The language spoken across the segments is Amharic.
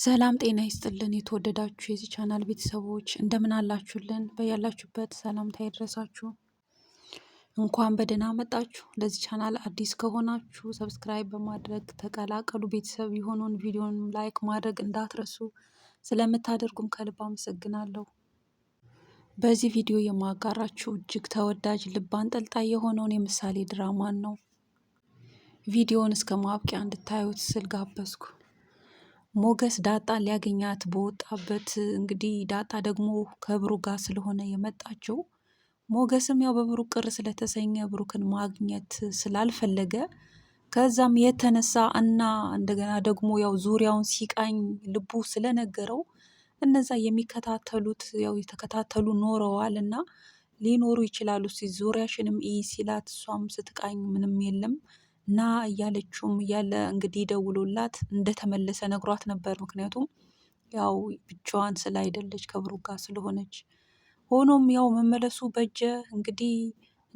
ሰላም ጤና ይስጥልን። የተወደዳችሁ የዚህ ቻናል ቤተሰቦች እንደምን አላችሁልን? በያላችሁበት ሰላምታ ይድረሳችሁ። እንኳን በደህና መጣችሁ። ለዚህ ቻናል አዲስ ከሆናችሁ ሰብስክራይብ በማድረግ ተቀላቀሉ። ቤተሰብ የሆነውን ቪዲዮን ላይክ ማድረግ እንዳትረሱ። ስለምታደርጉም ከልብ አመሰግናለሁ። በዚህ ቪዲዮ የማጋራችሁ እጅግ ተወዳጅ ልብ አንጠልጣይ የሆነውን የምሳሌ ድራማን ነው። ቪዲዮውን እስከ ማብቂያ እንድታዩት ስል ጋበዝኩ። ሞገስ ዳጣ ሊያገኛት በወጣበት እንግዲህ ዳጣ ደግሞ ከብሩ ጋር ስለሆነ የመጣችው ሞገስም ያው በብሩ ቅር ስለተሰኘ ብሩክን ማግኘት ስላልፈለገ ከዛም የተነሳ እና እንደገና ደግሞ ያው ዙሪያውን ሲቃኝ ልቡ ስለነገረው እነዛ የሚከታተሉት ያው የተከታተሉ ኖረዋል እና ሊኖሩ ይችላሉ። ሲ ዙሪያሽንም ኢ ሲላት እሷም ስትቃኝ ምንም የለም ና እያለችውም እያለ እንግዲህ ደውሎላት እንደተመለሰ ነግሯት ነበር። ምክንያቱም ያው ብቻዋን ስለ አይደለች ጋር ስለሆነች። ሆኖም ያው መመለሱ በጀ እንግዲህ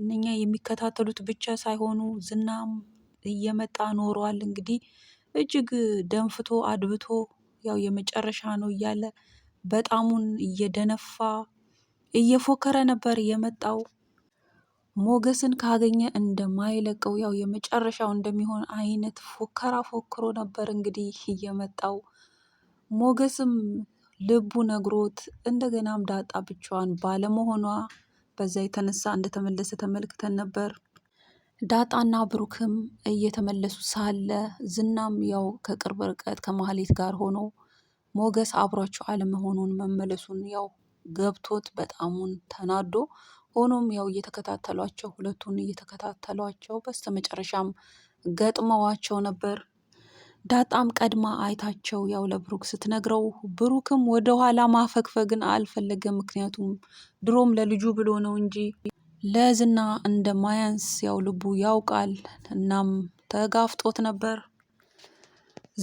እነኛ የሚከታተሉት ብቻ ሳይሆኑ ዝናም እየመጣ ኖሯል። እንግዲህ እጅግ ደንፍቶ አድብቶ ያው የመጨረሻ ነው እያለ በጣሙን እየደነፋ እየፎከረ ነበር የመጣው። ሞገስን ካገኘ እንደማይለቀው ያው የመጨረሻው እንደሚሆን አይነት ፉከራ ፎክሮ ነበር እንግዲህ እየመጣው ሞገስም ልቡ ነግሮት እንደገናም ዳጣ ብቻዋን ባለመሆኗ በዛ የተነሳ እንደተመለሰ ተመልክተን ነበር። ዳጣና ብሩክም እየተመለሱ ሳለ ዝናም ያው ከቅርብ ርቀት ከማህሌት ጋር ሆኖ ሞገስ አብሯቸው አለመሆኑን መመለሱን ያው ገብቶት በጣሙን ተናዶ ሆኖም ያው እየተከታተሏቸው ሁለቱን እየተከታተሏቸው በስተመጨረሻም ገጥመዋቸው ነበር። ዳጣም ቀድማ አይታቸው ያው ለብሩክ ስትነግረው ብሩክም ወደኋላ ማፈግፈግን አልፈለገም። ምክንያቱም ድሮም ለልጁ ብሎ ነው እንጂ ለዝና እንደማያንስ ያው ልቡ ያውቃል። እናም ተጋፍጦት ነበር።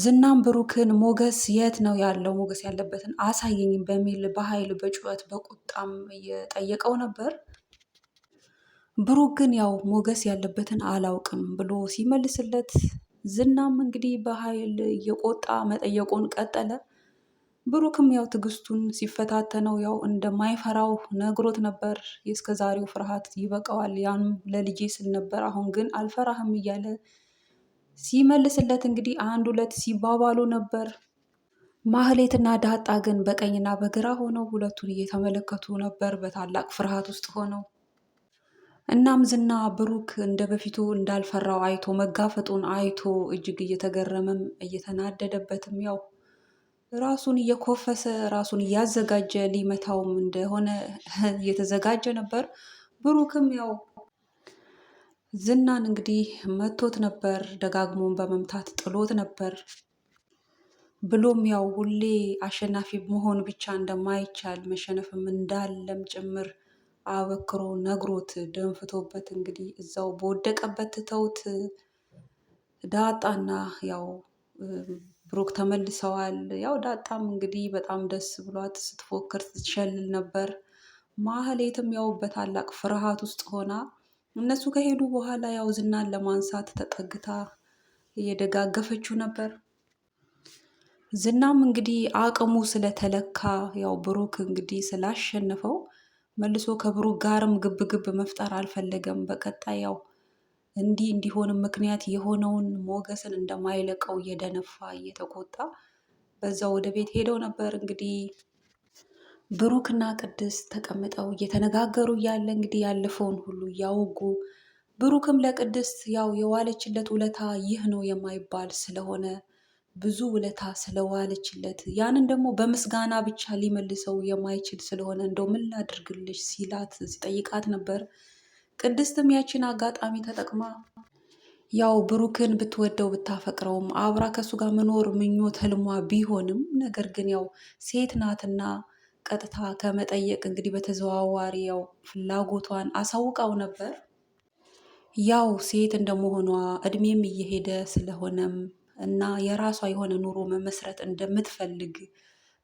ዝናም ብሩክን ሞገስ የት ነው ያለው? ሞገስ ያለበትን አሳየኝ በሚል በኃይል በጩኸት በቁጣም እየጠየቀው ነበር። ብሩክ ግን ያው ሞገስ ያለበትን አላውቅም ብሎ ሲመልስለት ዝናም እንግዲህ በኃይል እየቆጣ መጠየቁን ቀጠለ። ብሩክም ያው ትዕግስቱን ሲፈታተነው ያው እንደማይፈራው ነግሮት ነበር። የእስከ ዛሬው ፍርሃት ይበቃዋል፣ ያም ለልጄ ስል ነበር። አሁን ግን አልፈራህም እያለ ሲመልስለት እንግዲህ አንድ ሁለት ሲባባሉ ነበር። ማህሌትና ዳጣ ግን በቀኝና በግራ ሆነው ሁለቱን እየተመለከቱ ነበር፣ በታላቅ ፍርሃት ውስጥ ሆነው እናም ዝና ብሩክ እንደ በፊቱ እንዳልፈራው አይቶ መጋፈጡን አይቶ እጅግ እየተገረመም እየተናደደበትም ያው ራሱን እየኮፈሰ ራሱን እያዘጋጀ ሊመታውም እንደሆነ እየተዘጋጀ ነበር። ብሩክም ያው ዝናን እንግዲህ መቶት ነበር፣ ደጋግሞን በመምታት ጥሎት ነበር። ብሎም ያው ሁሌ አሸናፊ መሆን ብቻ እንደማይቻል መሸነፍም እንዳለም ጭምር አበክሮ ነግሮት ደንፍቶበት እንግዲህ እዛው በወደቀበት ትተውት ዳጣና ያው ብሩክ ተመልሰዋል። ያው ዳጣም እንግዲህ በጣም ደስ ብሏት ስትፎክር ስትሸልል ነበር። ማህሌትም ያው በታላቅ ፍርሃት ውስጥ ሆና እነሱ ከሄዱ በኋላ ያው ዝናን ለማንሳት ተጠግታ እየደጋገፈችው ነበር። ዝናም እንግዲህ አቅሙ ስለተለካ ያው ብሩክ እንግዲህ ስላሸነፈው መልሶ ከብሩክ ጋርም ግብግብ መፍጠር አልፈለገም። በቀጣይ ያው እንዲህ እንዲሆንም ምክንያት የሆነውን ሞገስን እንደማይለቀው እየደነፋ እየተቆጣ በዛ ወደ ቤት ሄደው ነበር። እንግዲህ ብሩክና ቅድስት ተቀምጠው እየተነጋገሩ እያለ እንግዲህ ያለፈውን ሁሉ እያወጉ ብሩክም ለቅድስት ያው የዋለችለት ውለታ ይህ ነው የማይባል ስለሆነ ብዙ ውለታ ስለዋለችለት ያንን ደግሞ በምስጋና ብቻ ሊመልሰው የማይችል ስለሆነ እንደው ምን ላድርግልሽ ሲላት ሲጠይቃት ነበር። ቅድስትም ያችን አጋጣሚ ተጠቅማ ያው ብሩክን ብትወደው ብታፈቅረውም አብራ ከእሱ ጋር መኖር ምኞት ህልሟ ቢሆንም ነገር ግን ያው ሴት ናትና ቀጥታ ከመጠየቅ እንግዲህ በተዘዋዋሪ ያው ፍላጎቷን አሳውቀው ነበር። ያው ሴት እንደመሆኗ እድሜም እየሄደ ስለሆነም እና የራሷ የሆነ ኑሮ መመስረት እንደምትፈልግ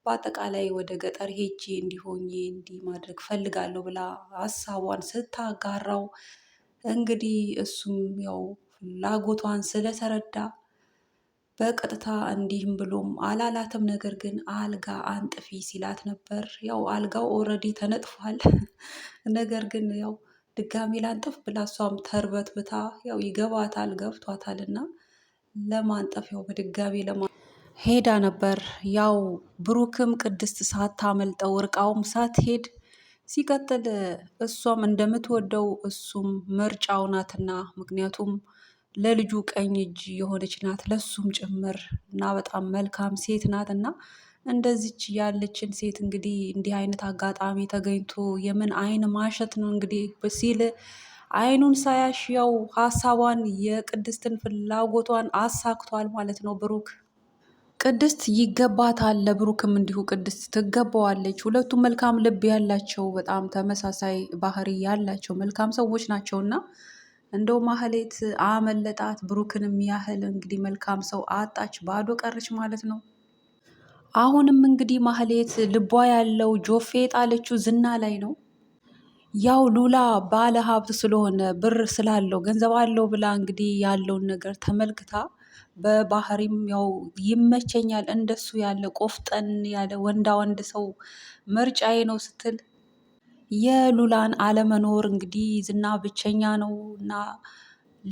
በአጠቃላይ ወደ ገጠር ሄጄ እንዲሆኜ እንዲህ ማድረግ ፈልጋለሁ ብላ ሀሳቧን ስታጋራው እንግዲህ እሱም ያው ፍላጎቷን ስለተረዳ በቀጥታ እንዲህም ብሎም አላላትም። ነገር ግን አልጋ አንጥፊ ሲላት ነበር። ያው አልጋው ኦልሬዲ ተነጥፏል። ነገር ግን ያው ድጋሚ ላንጥፍ ብላ እሷም ተርበት ብታ ያው ይገባታል ገብቷታል እና ያው በድጋሚ ለማ ሄዳ ነበር። ያው ብሩክም ቅድስት ሳታመልጠው እርቃውም ሳትሄድ ሲቀጥል እሷም እንደምትወደው እሱም ምርጫው ናትና፣ ምክንያቱም ለልጁ ቀኝ እጅ የሆነች ናት ለሱም ጭምር እና በጣም መልካም ሴት ናት እና እንደዚች ያለችን ሴት እንግዲህ እንዲህ አይነት አጋጣሚ ተገኝቶ የምን አይን ማሸት ነው እንግዲህ ሲል አይኑን ሳያሽ ያው ሀሳቧን የቅድስትን ፍላጎቷን አሳክቷል ማለት ነው ብሩክ። ቅድስት ይገባታል። ለብሩክም እንዲሁ ቅድስት ትገባዋለች። ሁለቱም መልካም ልብ ያላቸው በጣም ተመሳሳይ ባህሪ ያላቸው መልካም ሰዎች ናቸውና እንደው ማህሌት አመለጣት። ብሩክንም ያህል እንግዲህ መልካም ሰው አጣች፣ ባዶ ቀረች ማለት ነው። አሁንም እንግዲህ ማህሌት ልቧ ያለው ጆፌ ጣለችው ዝና ላይ ነው። ያው ሉላ ባለ ሀብት ስለሆነ ብር ስላለው ገንዘብ አለው ብላ እንግዲህ ያለውን ነገር ተመልክታ በባህሪም ያው ይመቸኛል እንደሱ ያለ ቆፍጠን ያለ ወንዳ ወንድ ሰው ምርጫዬ ነው ስትል የሉላን አለመኖር እንግዲህ ዝና ብቸኛ ነው እና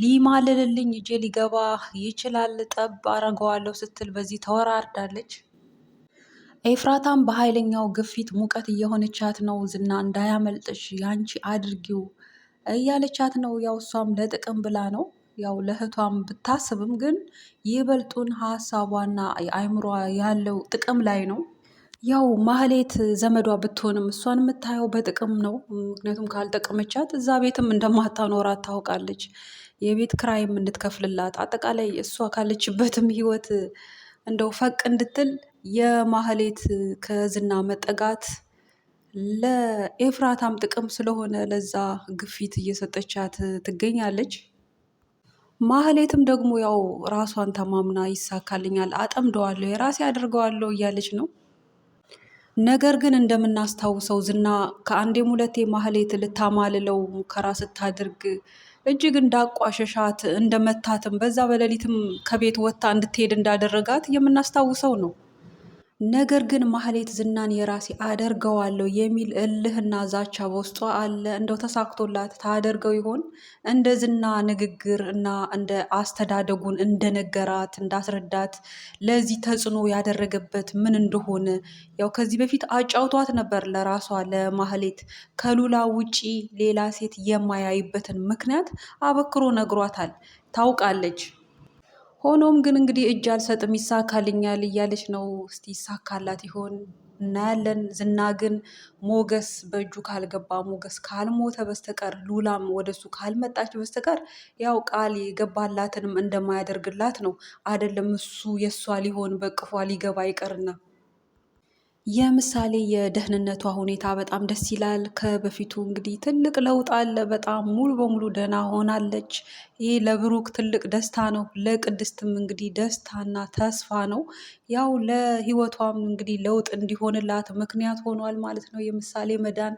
ሊማልልልኝ እጄ ሊገባ ይችላል፣ ጠብ አረገዋለሁ ስትል በዚህ ተወራርዳለች። ኤፍራታም በኃይለኛው ግፊት ሙቀት እየሆነቻት ነው። ዝና እንዳያመልጥሽ ያንቺ አድርጊው እያለቻት ነው። ያው እሷም ለጥቅም ብላ ነው ያው ለእህቷም ብታስብም ግን ይበልጡን ሀሳቧና አይምሯ ያለው ጥቅም ላይ ነው። ያው ማህሌት ዘመዷ ብትሆንም እሷን የምታየው በጥቅም ነው። ምክንያቱም ካልጠቀመቻት እዛ ቤትም እንደማታኖራት ታውቃለች። የቤት ክራይም እንድትከፍልላት አጠቃላይ እሷ ካለችበትም ህይወት እንደው ፈቅ እንድትል የማህሌት ከዝና መጠጋት ለኤፍራታም ጥቅም ስለሆነ ለዛ ግፊት እየሰጠቻት ትገኛለች። ማህሌትም ደግሞ ያው ራሷን ተማምና ይሳካልኛል፣ አጠምደዋለሁ፣ የራሴ አድርገዋለሁ እያለች ነው። ነገር ግን እንደምናስታውሰው ዝና ከአንዴም ሁለቴ ማህሌት ልታማልለው ሙከራ ስታደርግ እጅግ እንዳቋሸሻት እንደመታትም በዛ በሌሊትም ከቤት ወጥታ እንድትሄድ እንዳደረጋት የምናስታውሰው ነው። ነገር ግን ማህሌት ዝናን የራሴ አደርገዋለሁ የሚል እልህና ዛቻ በውስጧ አለ። እንደው ተሳክቶላት ታደርገው ይሆን? እንደ ዝና ንግግር እና እንደ አስተዳደጉን እንደነገራት እንዳስረዳት ለዚህ ተጽዕኖ ያደረገበት ምን እንደሆነ ያው ከዚህ በፊት አጫውቷት ነበር። ለራሷ ለማህሌት ከሉላ ውጪ ሌላ ሴት የማያይበትን ምክንያት አበክሮ ነግሯታል። ታውቃለች። ሆኖም ግን እንግዲህ እጅ አልሰጥም ይሳካልኛል እያለች ነው። እስቲ ይሳካላት ይሆን እናያለን። ዝና ግን ሞገስ በእጁ ካልገባ ሞገስ ካልሞተ በስተቀር ሉላም ወደሱ ካልመጣች በስተቀር ያው ቃል የገባላትንም እንደማያደርግላት ነው። አይደለም እሱ የእሷ ሊሆን በቅፏ ሊገባ ይቀርና የምሳሌ የደህንነቷ ሁኔታ በጣም ደስ ይላል። ከበፊቱ እንግዲህ ትልቅ ለውጥ አለ። በጣም ሙሉ በሙሉ ደህና ሆናለች። ይህ ለብሩክ ትልቅ ደስታ ነው። ለቅድስትም እንግዲህ ደስታና ተስፋ ነው። ያው ለህይወቷም እንግዲህ ለውጥ እንዲሆንላት ምክንያት ሆኗል ማለት ነው የምሳሌ መዳን።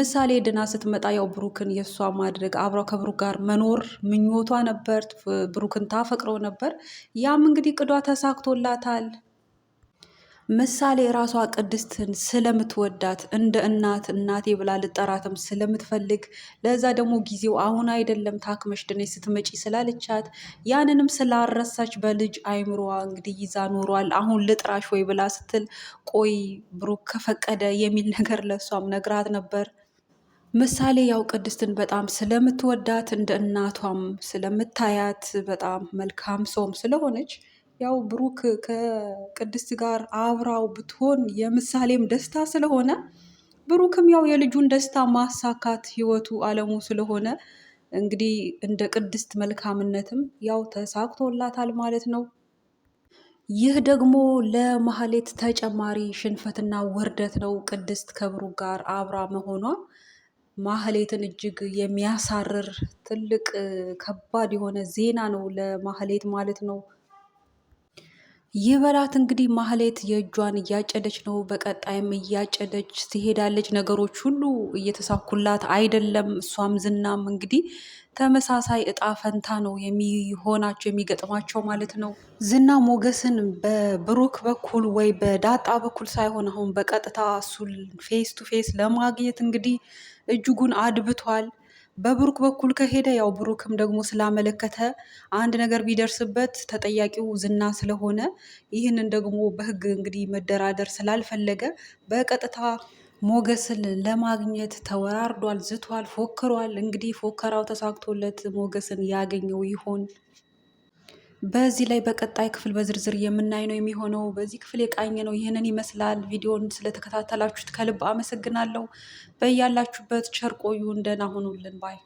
ምሳሌ ድና ስትመጣ ያው ብሩክን የእሷ ማድረግ አብሯ ከብሩክ ጋር መኖር ምኞቷ ነበር። ብሩክን ታፈቅረው ነበር። ያም እንግዲህ ቅዷ ተሳክቶላታል። ምሳሌ ራሷ ቅድስትን ስለምትወዳት እንደ እናት እናቴ ብላ ልጠራትም ስለምትፈልግ ለዛ ደግሞ ጊዜው አሁን አይደለም ታክመሽ ድነሽ ስትመጪ ስላለቻት ያንንም ስላረሳች በልጅ አይምሮዋ እንግዲህ ይዛ ኖሯል። አሁን ልጥራሽ ወይ ብላ ስትል ቆይ ብሩክ ከፈቀደ የሚል ነገር ለሷም ነግራት ነበር። ምሳሌ ያው ቅድስትን በጣም ስለምትወዳት እንደ እናቷም ስለምታያት በጣም መልካም ሰውም ስለሆነች ያው ብሩክ ከቅድስት ጋር አብራው ብትሆን የምሳሌም ደስታ ስለሆነ ብሩክም ያው የልጁን ደስታ ማሳካት ህይወቱ አለሙ ስለሆነ እንግዲህ እንደ ቅድስት መልካምነትም ያው ተሳክቶላታል ማለት ነው። ይህ ደግሞ ለማህሌት ተጨማሪ ሽንፈትና ውርደት ነው። ቅድስት ከብሩክ ጋር አብራ መሆኗ ማህሌትን እጅግ የሚያሳርር ትልቅ ከባድ የሆነ ዜና ነው ለማህሌት ማለት ነው። ይበላት እንግዲህ ማህሌት የእጇን እያጨደች ነው። በቀጣይም እያጨደች ትሄዳለች። ነገሮች ሁሉ እየተሳኩላት አይደለም። እሷም ዝናም እንግዲህ ተመሳሳይ እጣ ፈንታ ነው የሚሆናቸው የሚገጥማቸው ማለት ነው። ዝና ሞገስን በብሩክ በኩል ወይ በዳጣ በኩል ሳይሆን አሁን በቀጥታ እሱን ፌስ ቱ ፌስ ለማግኘት እንግዲህ እጅጉን አድብቷል። በብሩክ በኩል ከሄደ ያው ብሩክም ደግሞ ስላመለከተ አንድ ነገር ቢደርስበት ተጠያቂው ዝና ስለሆነ ይህንን ደግሞ በህግ እንግዲህ መደራደር ስላልፈለገ በቀጥታ ሞገስን ለማግኘት ተወራርዷል፣ ዝቷል፣ ፎክሯል። እንግዲህ ፎከራው ተሳክቶለት ሞገስን ያገኘው ይሆን? በዚህ ላይ በቀጣይ ክፍል በዝርዝር የምናይ ነው የሚሆነው። በዚህ ክፍል የቃኘ ነው ይህንን ይመስላል። ቪዲዮን ስለተከታተላችሁት ከልብ አመሰግናለሁ። በያላችሁበት ቸር ቆዩ። እንደናሆኑልን ባይ